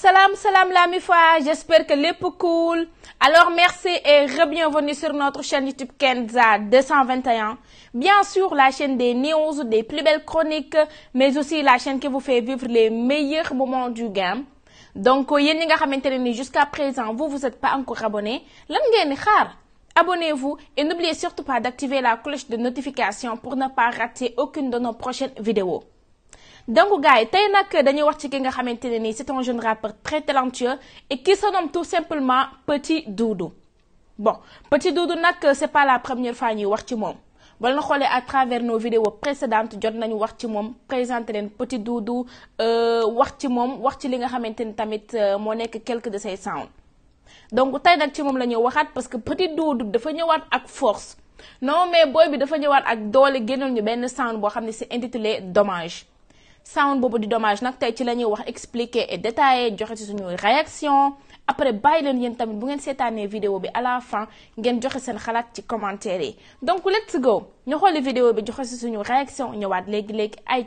Salam, salam la j'espère que les cool. Alors merci et re-bienvenue sur notre chaîne YouTube Kenza 221. Bien sûr, la chaîne des news, des plus belles chroniques, mais aussi la chaîne qui vous fait vivre les meilleurs moments du game. Donc, jusqu'à présent, vous, vous n'êtes pas encore abonné. Abonnez-vous et n'oubliez surtout pas d'activer la cloche de notification pour ne pas rater aucune de nos prochaines vidéos donc gars yi c'est un jeune rappeur très talentueux et qui se tout simplement Petit Doudou bon Petit Doudou n'est pas la première fois que wax ci vous à travers nos vidéos précédentes Petit Doudou euh, wax ci wax ci euh, quelques de ses sounds donc parce que Petit Doudou dafa force non mais boy, bi dafa ak ñu benn sound un intitulé Dommage sound boobu di domage nag tey ci la ñuy wax expliquer et détailler joxe ci suñuy réaction après bàyyi leen yéen tamit bu ngeen seetaanee vidéo bi à la fin ngeen joxe seen xalaat ci commentaire yi donc let's go ñu xooli vidéo bi joxe ci suñu réaction ñëwaat léegi léegi ay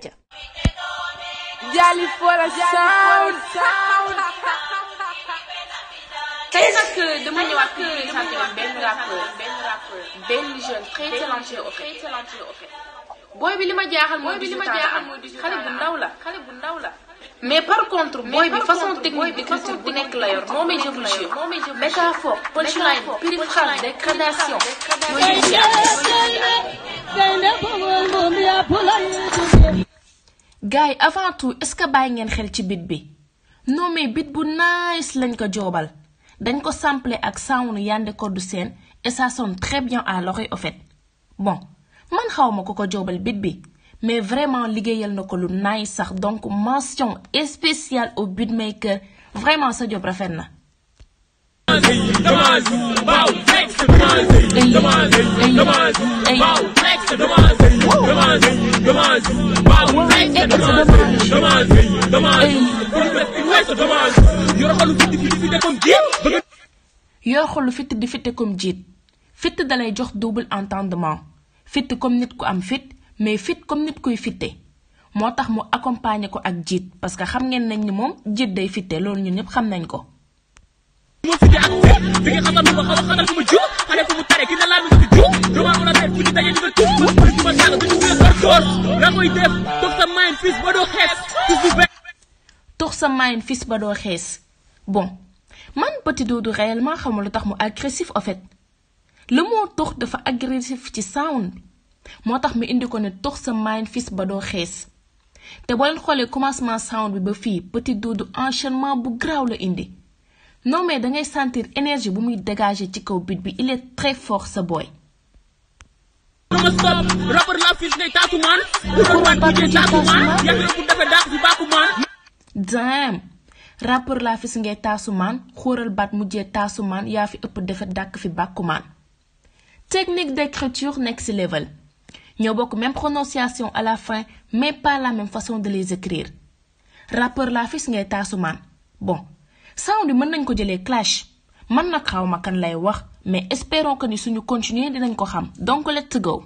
Jaliforra sound tey nag boy bi li ma jaaxal mooy bi li ma jaaxal mooy xale bu ndaw la xale bu ndaw la. mais par contre booy bi façon technique d'écriture bu nekk la yor moomay jëm lu jëm métaphore punchline périphrase décrédation yooyu gars yi avant tout est-ce que bàyyi ngeen xel ci bit bi non mais bit bu nice lañ ko joobal dañ ko samplé ak sound Yandé Codou Sène et ça sonne très bien à l'oreille au fait bon man xawma ko ko bit mais vraiment liggéeyal nako lu sax donc mention spéciale au beatmaker vraiment sa job Yo di fité comme dalay jox double entendement fit comme nit ku am fit mais fit comme nit fitte motax mu accompagner ko ak parce que xam ngeen nañ ni mom djit day fité loolu ñun ñep xam nañ ko. main ba bon man Petit Doudou réellement xamul lu tax mu agressif en fait. le mot tux dafa agressif ci sound moo tax mu indi ko ne tux sa mind fis ba doo xees te boo xoolee commencement sound bi ba fii petit duudu enchaînement bu graaw la indi non mais dangay sentir énergie bu muy dégager ci kaw bit bi il est très fort sa booy. damn rappeur laa fis ngay taasumaan xóoral baat mujjee taasumaan yaa fi ëpp defet dàkk fi bàkkumaan Technique d'écriture next level. a beaucoup même prononciation à la fin mais pas la même façon de les écrire rappeur laa fis ngay souman. bon ça on mën nañ ko ne clash man qu'on ma kan lay wax mais espérons que nous nous continuer dinañ ko donc let's go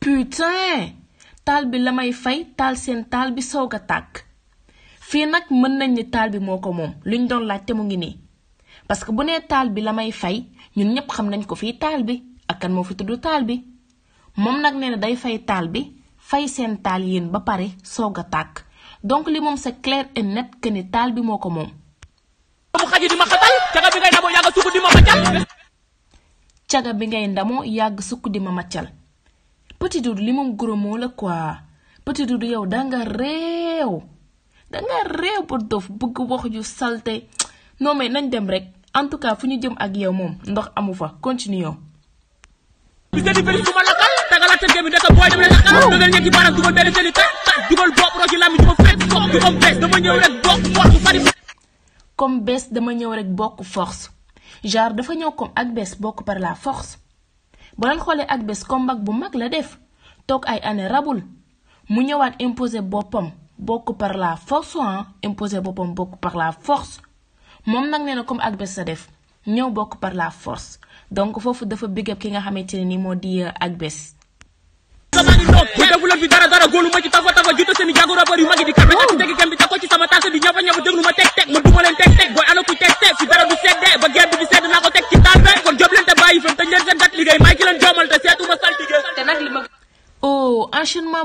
putain tal bi la may fay tal sen tal bi fii nag mën nañ ni taal bi moo ko moom ñu doon laaj te mu ngi nii parce que bu nee taal bi la may fay ñun ñëpp xam nañ ko fii taal bi ak kan moo fi tudd taal bi moom nag nee na day fay taal bi fay seen taal yéen ba pare soog a tàkk donc li moom sa clair et net que ni taal bi moo ko moom. caga bi ngay ndamoo yàgg sukk di ma maccal Petit Doudou li moom gros mot la quoi Petit Doudou yow danga réew. danga réew ba dof bëgg wax ju salte non mais nañ dem rek en tout cas fu ñu jëm ak yow moom ndox amu fa continuons. bis di bëri du ma lakkal tagalaat sa jëmi naka boy dem la lakkal dogal ñetti ci dugal benn seen i tàj tàj dugal bopp roo ci làmmi du ma fay bokk comme bees dama ñëw rek bokk force bari comme bees dama ñëw rek bokk force genre dafa ñëw comme ak bees bokk par la force bo leen xolé ak bees combat bu mag la def tok ay année rabul mu ñëwaat imposer bopam Beaucoup par la force hein, imposé par la force mom nak nee comme ak def par la force donc fofu dafa big up ki nga ni di euh, ak oh enchaînement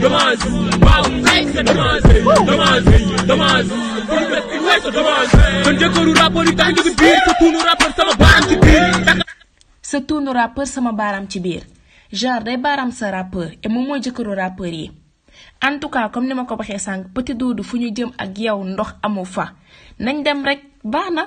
dommage waaw rek c'est dommage dommage dommage kon bés bi mooy sa dommage man jëkkëru rapport yi tax njëkk biir sa tuunu rapport sama baaraam ci biir sa tuunu rappeur sama baaraam ci biir genre day baaraam sa rappeur et moom mooy jëkkëru rappeur yi en tout cas comme ni ma ko waxee sànq Petit Doudou fu ñu jëm ak yow ndox amu fa nañ dem rek baax na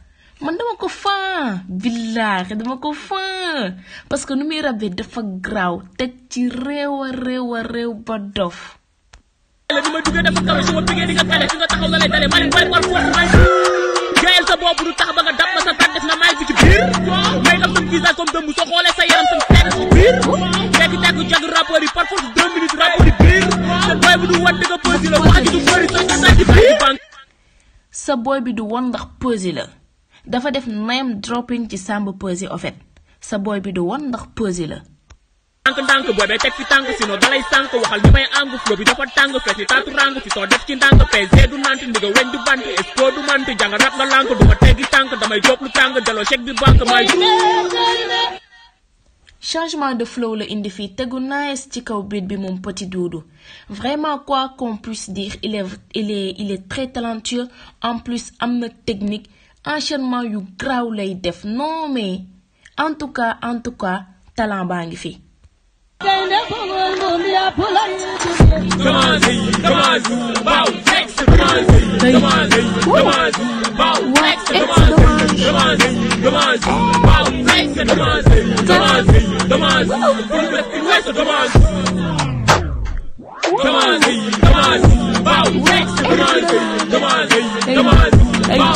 man dama ko fan billaahi dama ko fan parce que nu muy dafa graw teg ci rew rew rew ba dof la ni ma dafa kaw su ma bigee di nga pale ci nga taxaw la lay dalé man leen bari war foofu may jaayal sa bobu du tax ba nga dab sa tan def na may bi ci bir may la sun visa comme dëmb so xolé sa yaram sun tan ci biir tek tekki jag rapport yi par force 2 minutes rapport yi bir sa boy bu du wan di posi la waa ji du bëri sa sa ci bank sa boy bi du won ndax posi la dafa def name dropping ci Samba Peuzzi en fait sa boy bi du won ndax Peuzzi la. tank tank boy be tek fi tank sino dalay sank waxal ñu may àngu flow bi dafa tàng fees ni taatu ràng fi soo def ci ndànk peese du nant ndiga weñ du bant expo du mant jàng rab na lank du ma teggi tànk damay jóob lu tàng daloo chèque bi bank may changement de flow le indi fi tegu nice ci kaw beat bi moom Petit Doudou vraiment quoi qu'on puisse dire il est il est il est très talentueux en plus amna technique enchaînement you garaaw lay def non mais en tout cas en tout cas talent ba ngi fi. Come on, c'est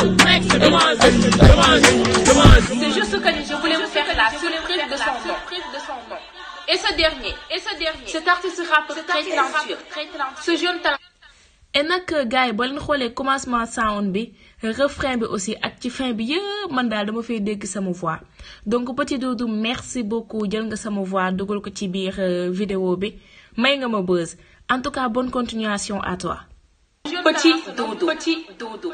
juste ce que je voulais vous faire la surprise de son nom. Et ce dernier, et ce dernier, cet artiste rap très talentueux, ce jeune talent. et nag gars yi len leen commencement sound bi refrain bi aussi ak ci fin bi ye man dal dama fay dégg sama voix donc Petit Doudou merci beaucoup jël nga sama voix dugal ko ci biir euh, vidéo bi may nga ma buzz en tout cas bonne continuation à toi. Petit Doudou Petit Doudou.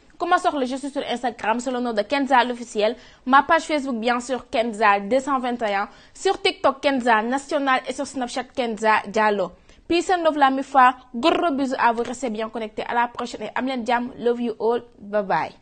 Comment sors-le Je suis sur Instagram sous le nom de Kenza l'officiel. Ma page Facebook, bien sûr, Kenza 221. Sur TikTok, Kenza National et sur Snapchat, Kenza Diallo. Peace and love la mi Gros bisous à vous. Restez bien connectés. À la prochaine. Et Amlen Jam. Love you all. Bye bye.